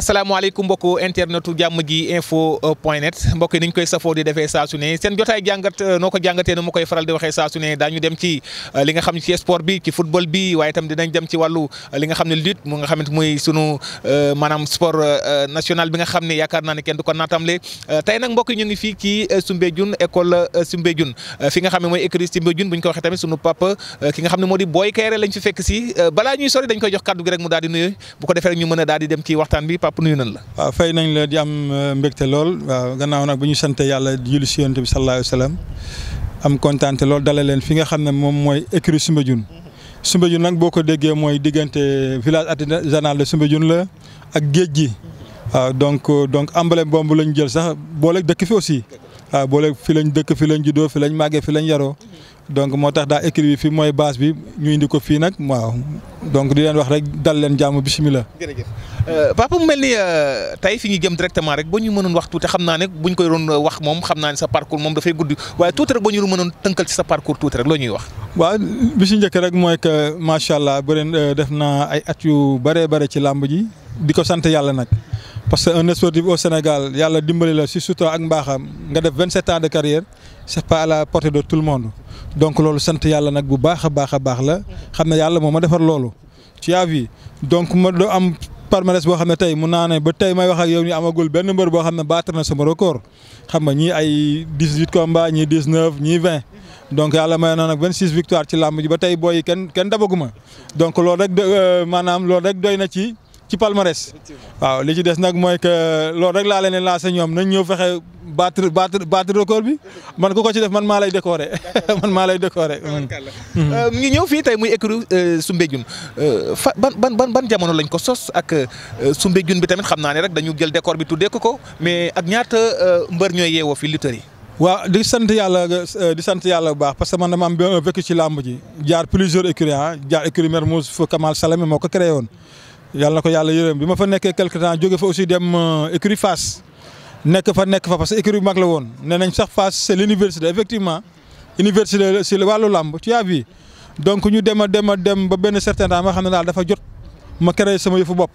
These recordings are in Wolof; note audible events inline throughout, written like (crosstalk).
asalaamaaleykum mbokku internetu jàmm ji info euh, point net mbokki yi ni ñu koy safoo di defee saa su ne seen jotaay jàngat euh, noo ko jàngatee nu ma koy faral di waxee saa su daañu dem ci euh, li nga xam ne ci sport bi ci bi waaye itam dinañ dem ci wàllu li nga xam ne lutte mu nga xam ne sunu maanaam sport national bi nga xam ne yaakaar naa ne kenn du ko naatamle tey nag mbokk ñu ngi fii ci Soumbédioune école Soumbédioune fi nga xam ne mooy écrit Soumbédioune bu ñu ko waxee tamit ne moo di Boy Kairé fekk si balaa ñuy sori dañ koy jox kàddu gi rek mu daal di nuyu bu ko defee rek ñu mën a daal di dem ci waxtaan bi papa la. waaw fay nañ la di am euh, mbégte lool waaw gannaaw nag bu ñu sant yàlla di julli si yonent bi sallallahu alayhi wa am kontaan te loolu fi nga xam ne moom mooy écurie Soumbédioune Soumbédioune nag boo ko déggee mooy diggante village artisanal de Soumbédioune la ak géej gi waaw donc euh, donc emblème boobu lañ jël sax boole dëkk fi aussi. waaw ah, boole fi lañ dëkk fi lañ juddoo fi lañ màggee fi lañ yaroo donc moo tax daa écrit bi fi mooy base bi ñu indi ko fii nag waaw donc di leen wax rek dal leen jàmm bisimilah. jërëjëf euh, papa mu mel ni euh, tey fi ñu jëm directement rek ba ñu mënoon wax tuuti xam naa ne buñ koy doon euh, wax moom xam naa ne sa parcours moom dafay gudd waaye tuuti rek ba ñu mënoon tënkal ci sa parcours tuuti rek loo ñuy wax. waaw bi si njëkk rek mooy que macha allah bëri def naa ay at yu bëree bëri ci làmb ji di ko sant yàlla nag. parce que un sportif au Sénégal yàlla dimbali la si sutura ak mbaaxam nga def 27 ans de carrière c'est pas à la portée de tout le monde donc loolu sant yàlla nag bu baax a baax a baax la xam ne yàlla moom ma defar loolu ci yaa vi donc ma do am palmarès boo xam ne tey mun naa ne ba tey may wax ak yow ñu amagul benn mbër boo xam ne battre na sama record xam nga ñii ay 18 combats ñii 19 ñii 20 donc yàlla may na nag 26 victoire ci làmb ji ba tey booy yi kenn kenn dabaguma donc loolu rek euh, maanaam loolu na ci. ci palmarès. waaw li ci des nag mooy que loolu rek laa leen lancé ñoom nañ ñëw fexe battre battre battre record bi man ku ko ci def man maa lay décorer (laughs) man maa lay décorer. mu mm. euh, mm. ngi ñëw fii tey muy écurie euh, Soumbédioune euh, fa ban ban ban ban jamono lañ ko sos ak Soumbédioune bi tamit xam naa ne rek dañu jël décor bi tuddee ko ko mais ak ñaata mbër ñooy yeewoo fi lutteurs yi. waaw di sant yàlla di sant yàlla bu baax parce que man dama am vécu ci làmb ji jaar plusieurs écuries ah, jaar écurie Mermoz Kamal Salame moo ko créé woon. yàlla ko yàlla yërëm bi ma fa nekkee quelque temps jóge fa aussi dem euh, écurie Fass nekk fa nekk fa parce que écurie mag la woon nee nañ sax Fass c'est l'université effectivement université si wàllu làmb tu as vu donc ñu dem a dem a dem ba benn certain temps ma xam ne daal dafa jot ma kere sama yëfu bopp.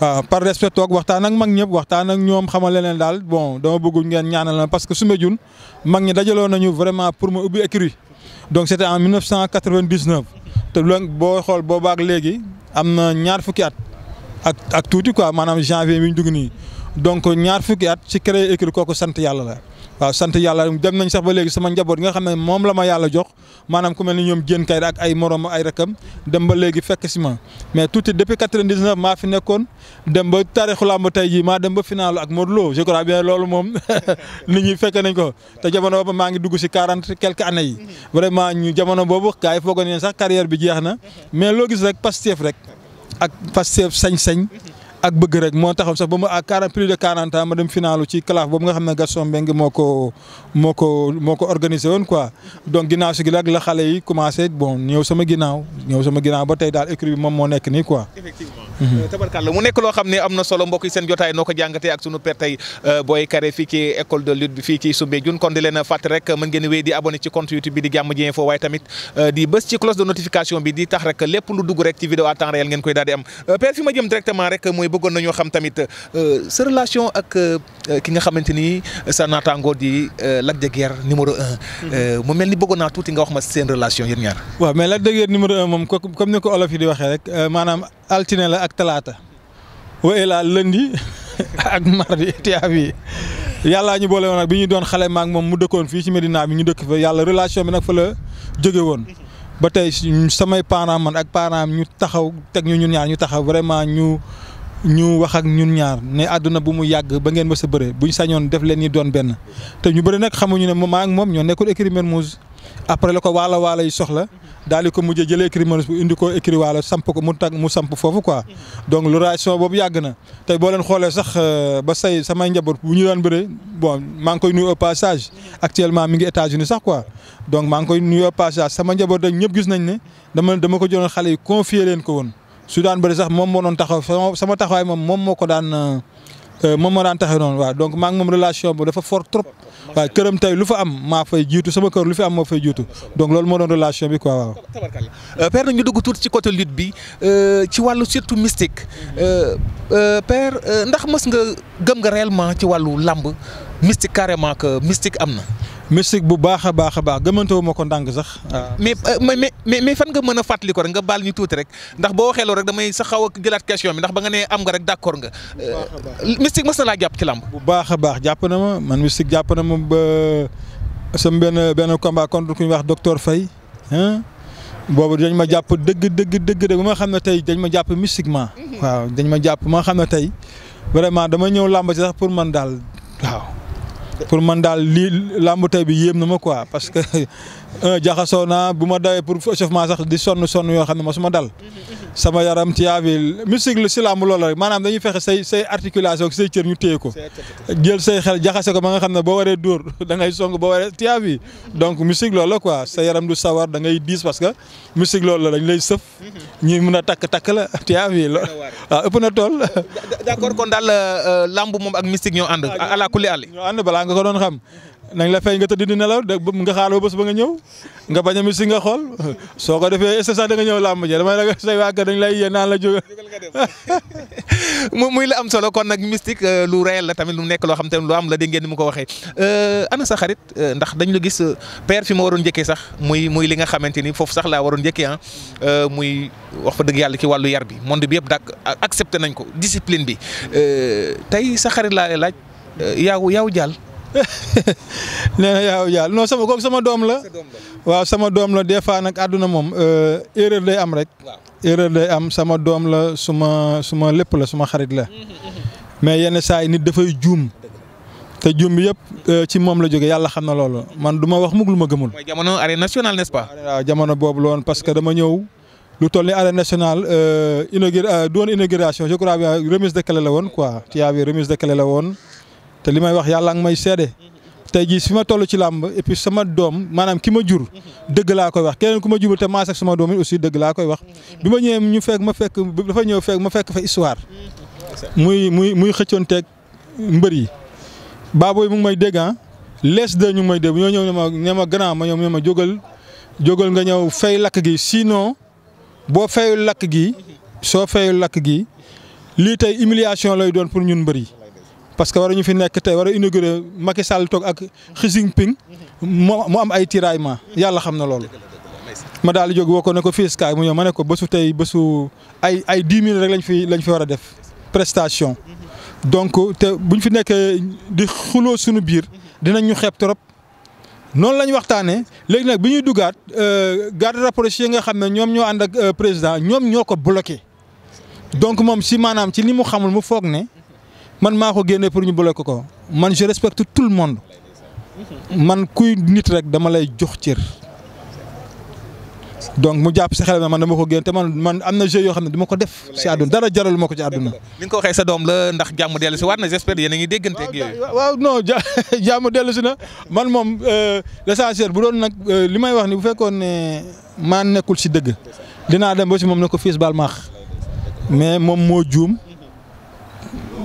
waaw par respect toog waxtaan ak mag ñëpp waxtaan ak ñoom xamal leen daal bon dama bëgg ngeen ñaanal ma parce que su ma jun mag ñi dajaloo nañu vraiment pour ma ubbi écurie donc c'était en 1999 te loolu boo xool boobaag léegi. am na ñaar fukki at ak ak tuuti quoi maanaam janvier mi ñu dugg nii donc ñaar fukki at ci créé écrit kooku sant yàlla la. waaw sant yàlla dem nañ sax ba léegi sama njaboot nga xam ne moom la ma yàlla jox maanaam ku mel ni ñoom Diène Kayre ak ay morom ay rakam dem ba léegi fekk si ma mais tuuti depuis quatre-vingt-dix-neuf maa fi nekkoon dem ba taarixu làmb tey jii maa dem ba final ak Modou Lo loolu moom (laughs) nit ñi fekk nañ ko te jamono boobu maa ngi dugg si quarante quelques années yi vraiment ñu jamono boobu gars yi foogoon nañ sax carrière bi jeex na mais loo gis rek Pastef ak Pastef sañ-sañ. ak bëgg rek moo taxaw sax ba mu à quarante plus de quarante ma dem finalu ci calaf boobu nga xam ne Gaston Mbengue moo ko moo ko ko organisé si gi la xale yi commencé bon ñëw sama ginnaaw ñëw sama ginnaaw ba tey daal écurie bi moom moo nekk nii quoi. Mhm. Euh, mu nekk loo xam ne am na solo mbokk yi seen jotaay noo ko jàngatee ak sunu père tey euh, Boy Kare fii ci école de lutte bi fii ci Soumbédioune kon di leen fàttali rek mën ngeen wéy di abonné ci compte YouTube bi di bëggoon nañoo xam tamit euh, sa relation ak euh, ki nga xamante ni sa naataangoo di euh, Lac de Guiers numéro un. mu mel ni bëggoon naa tuuti nga wax ma seen relation yéen ñaar. waaw mais Lac de Guiers numéro un moom comme ni ko olof yi di waxee rek maanaam altine la ak talaata. waaye laa lundi (laughs) ak mardi tiyaab yi yàllaa ñu boole woon nag bi ñu doon xale maak moom mu dëkkoon fii ci Medina bi ñu dëkk fa yàlla relation bi nag fa la jóge woon. ba tey samay parents man ak parents ñu taxaw teg ñu ñun ñaar ñu taxaw vraiment ñu. ñu wax ak ñun ñaar ne àdduna bu mu yàgg ba ngeen mës a bëre buñ sañoon def leen ñi doon benn te ñu bëri nag xamuñu ne maa ak moom ñoo nekkul écurie Mermoz après la ko waala waala soxla daal di ko mujjee jëlee écurie bu indi ko écurie waala samp ko mu tag mu samp foofu quoi donc lu boobu yàgg na tey boo leen xoolee sax euh, ba say samay njaboot bu ñu daan bëre bon maa ngi koy nuyu au passage actuellement mi ngi États-Unis sax quoi donc maa ngi koy nuyu au passage sama njaboot dañ ñëpp gis nañ ne dama dama ko jëloon xale yi confier leen ko woon su daan bari sax moom moo doon taxaw sama taxawaay moom moom moo ko daan euh, moom moo daan taxaw noonu donc maa moom relation bi dafa fort trop waaw këram tey lu fa am maa fay jiitu sama kër lu fi am moo fay jiitu donc loolu moo doon relation bi ko waaw. Euh, père nag ñu dugg tuuti ci côté lutte bi euh, ci wàllu surtout mystique père ndax mës nga gëm nga réelement ci wàllu làmb mystique carrément que mystique am na. mystique bu baax a baax a baax gëmantoo ma ko ndànk sax. Euh, mais mais mais fan nga mën a fàttali ko rek nga baal ñu tuuti rek ndax boo waxee loolu rek damay sa a jëlaat question bi ndax ba nga nee am nga rek d'accord nga. Euh, mystique mës jàpp ci làmb. bu baax a baax jàpp na ma man mystique jàpp na ba euh, sam benn benn combat contre ku wax docteur Faye. boobu dañ ma jàpp dëgg dëgg dëgg de ba ma xam ne tey dañ ma jàpp mystiquement. Mhm. waaw dañ ma jàpp ma xam ne tey vraiment dama ñëw làmb ci sax pour man daal waaw. pour man daal lii làmb tey bi yéem na ma quoi parce que (laughs) euh, jaxasoo naa bu ma dawee pour échauffement sax di sonn sonn yoo xam ne ma su ma dal. sama yaram tiaabil musique si làmb loolu rek maanaam dañuy fexe say say articulation say cër ñu téye ko jël say xel jaxase ko ba nga xam ne boo waree dóor (laughs) da ngay song boo waree tiaabi donc musique loolu la quoi sa yaram du sawar dangay ngay diis parce que musique loolu la dañ lay sëf ñuy mun a takk-takk la tiaabi loolu waaw ëpp na tool (laughs) d'accord kon daal euh, euh, làmb moom ak musique ñoo ànd ala kulli balaa nga ko doon xam nañ la fay nga tëdd di nelaw nga xaar ba bés ba nga ñëw nga bañ a mi si nga xool soo ko defee est-ce que sax da nga ñëw làmb ja damay ragal say waa kër dañ lay yee naan la jóge muy la am solo kon nag mystique euh, lu réel la tamit lu nekk loo xam te lu am la dégg ngeen ni mu ko waxee euh, ana sa xarit euh, ndax dañ la gis père fi ma waroon njëkkee sax muy muy li nga xamante ni foofu sax laa waroon njëkkee ah muy wax fa dëgg yàlla ci wàllu yar bi monde bi yëpp dak accepté nañ ko discipline bi tey sa xarit laa laaj yaaw yaaw jàll (laughs) nee na yaaw jaal non sama kooku sama doom la. waaw sama doom la des fois nag àdduna moom euh, erreur day am rek. erreur day am sama doom la suma suma lépp la suma xarit la. Mhm, mhm. mais yenn saa yi nit dafay juum. te juum bi yëpp euh, ci moom la jógee yàlla xam na loolu man du ma wax mukk lu ma gëmul. mooy jamono arène nationale nest pas. waaw boobu la parce que dama ñëw. lu toll ni arène national euh, inaugure doon inauguration je crois remise de clé la woon quoi tu as vu remise de la woon. te li may wax yàlla nga may seede tey jii fi ma toll ci làmb et sama doom maanaam ki ma jur dëgg laa koy wax keneen ku ma jubal te maas ak sama doom yi aussi dëgg laa koy wax bi ma ñëwee ñu fekk ma fekk dafa ñëw fekk ma fekk fa histoire muy muy muy xëccoonteeg mbër yi baabooy mu ngi may dégg ah. lees de ñu ngi may dégg ñoo ñëw ne ma ne ma grand ma ñoom ne ma jógal jógal nga ñëw fay lakk gi sinon boo fayul lakk gi soo fayul lakk gi lii tey humiliation lay doon pour ñun mbër yi parce que waruñu fi nekk tey war a inauguré Macky Sall toog ak Xi Jinping mu am ay tiraillement yàlla xam na loolu. ma daal di jóg woo ko ne ko fii mu ñëw ma ne ko bésu tey bésu ay ay dix mille rek lañ fi lañ fi war a def prestation. donc te buñ fi nekkee di xuloo suñu biir dinañ ñu xeeb trop. noonu la ñu waxtaanee léegi nag bi ñuy duggaat euh, garde rapproché yi nga xam ne ñoom ñoo ànd ak euh, président ñoom ñoo ko bloqué donc moom si maanaam ci ni mu xamul mu foog ne. man maa ko génnee pour ñu bloqué ko ko man je respecte tout le monde man kuy nit rek dama lay jox cër. donc mu jàpp si xel na man dama ko génn te man man am na jeu yoo xam ne dama ko def si àdduna dara jaralu ma ko ci àdduna. ni nga ko waxee sa doom la ndax jàmm dellu si waat na j'espère yéen a ngi déggante ak yooyu. waaw non ja (laughs) jàmm dellu si na man moom euh, l'essentiel bu doon nag euh, li may wax ni bu fekkoon ne maa nekkul si dëgg dinaa dem ba si moom ne ko fiis baal maax mais moom moo juum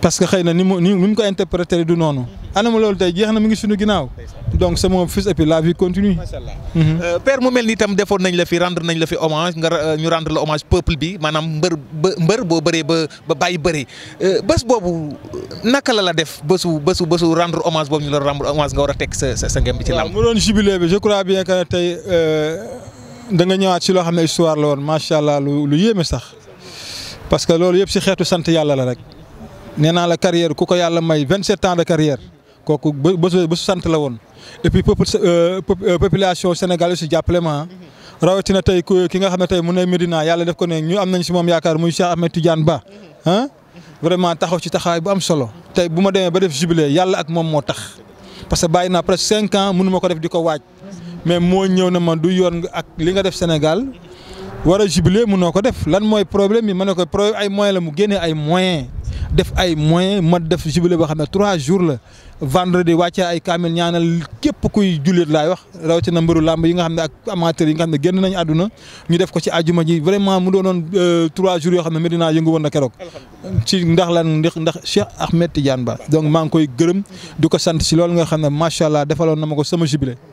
parce que xëy na ni mu ni mu ko interprété du noonu. anam loolu tey jeex na ngi suñu ginnaaw. donc c'est mon fils et la vie continue. macha allah mhm. euh, père mu mel ni itam defoon nañ la fi rendre nañ la fi hommage nga euh, ñu rendre la hommage peuple bi maanaam mbër mbër boo bëree ba ba bàyyi bëri euh, bés boobu naka la la def bésu bésu bésu rendre hommage boobu ñu la rendre hommage nga war a teg sa sa sa ngëm bi ci làmb. mu doon jubilé bi je crois bien que tey da nga ñëwaat si loo xam ne histoire la woon macha allah lu lu yéeme sax parce que loolu yëpp si xeetu sant yàlla la rek. nee naa la carrière ku ko yàlla may 27 ans de carrière kooku ba ba su sant la woon et puis peuple euh, euh, population sénégalaise si jàppale ma ah. mm-hmm. rawatina tey ki nga xam ne tey mu ne Medina yàlla def ko ne ñu am nañ si moom yaakaar muy Cheikh Ahmed Tidiane Ba mm-hmm. ah mm-hmm. vraiment taxaw ci taxawaay bu am solo tey bu ma demee ba def jubilé yàlla ak moom moo tax parce que bàyyi naa presque cinq ans mënu ko def di ko waaj mais moo ñëw na man du yoon ak li nga def Sénégal wara a jubilé mënoo ko def lan mooy problème bi ma ne ko problème ay moyens la mu génnee ay moyens def ay moyens ma def jubilé boo xam ne trois jours la vendredi wàccee ay kaamil ñaanal képp kuy jullit laay wax rawatina mbëru làmb yi nga xam ne ak amateurs yi nga xam ne génn nañu àdduna ñu def ko ci àjjuma ji vraiment mu doonoon euh, trois jours yoo xam ne Medina yëngu woon na keroog. ci ndax la ndax ndax Cheikh Ahmed Tidiane Ba. donc maa ngi koy gërëm di ko sant si loolu nga xam ne macha allah defaloon na ma ko sama jubilé.